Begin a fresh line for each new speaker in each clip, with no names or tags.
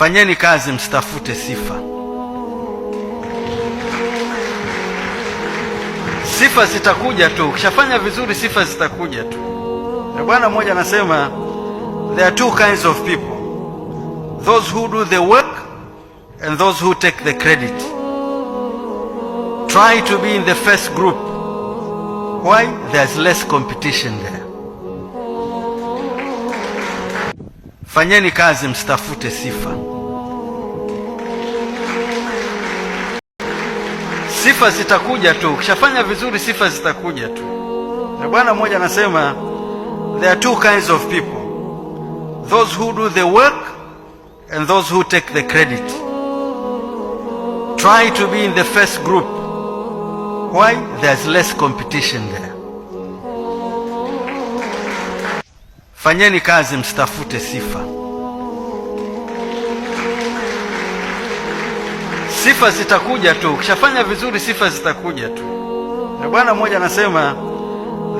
Fanyeni kazi, msitafute sifa. Sifa zitakuja tu, ukishafanya vizuri sifa zitakuja tu. Na bwana mmoja anasema there are two kinds of people, those who do the work and those who take the credit. Try to be in the first group. Why? There's less competition there. Fanyeni kazi msitafute sifa. Sifa zitakuja tu, ukishafanya vizuri sifa zitakuja tu. Na bwana mmoja anasema there are two kinds of people, those who do the work and those who take the credit. Try to be in the first group. Why? There's less competition there. Fanyeni kazi msitafute sifa. Sifa zitakuja tu, ukishafanya vizuri sifa zitakuja tu. Na bwana mmoja anasema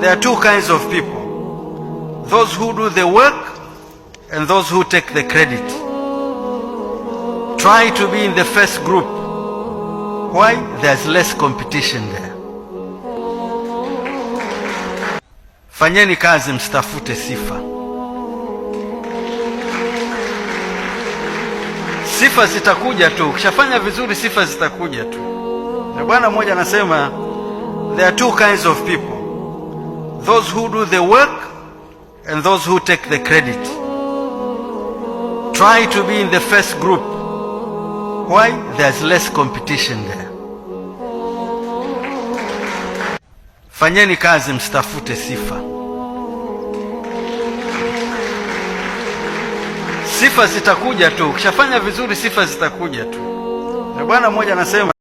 there are two kinds of people, those who do the work and those who take the credit. Try to be in the first group. Why? There's less competition there. Fanyeni kazi, msitafute sifa. Sifa zitakuja tu, ukishafanya vizuri sifa zitakuja tu. Na bwana mmoja anasema there are two kinds of people, those who do the work and those who take the credit. Try to be in the first group. Why? There's less competition there. Fanyeni kazi msitafute sifa. Sifa zitakuja tu, ukishafanya vizuri sifa zitakuja tu. Na bwana mmoja anasema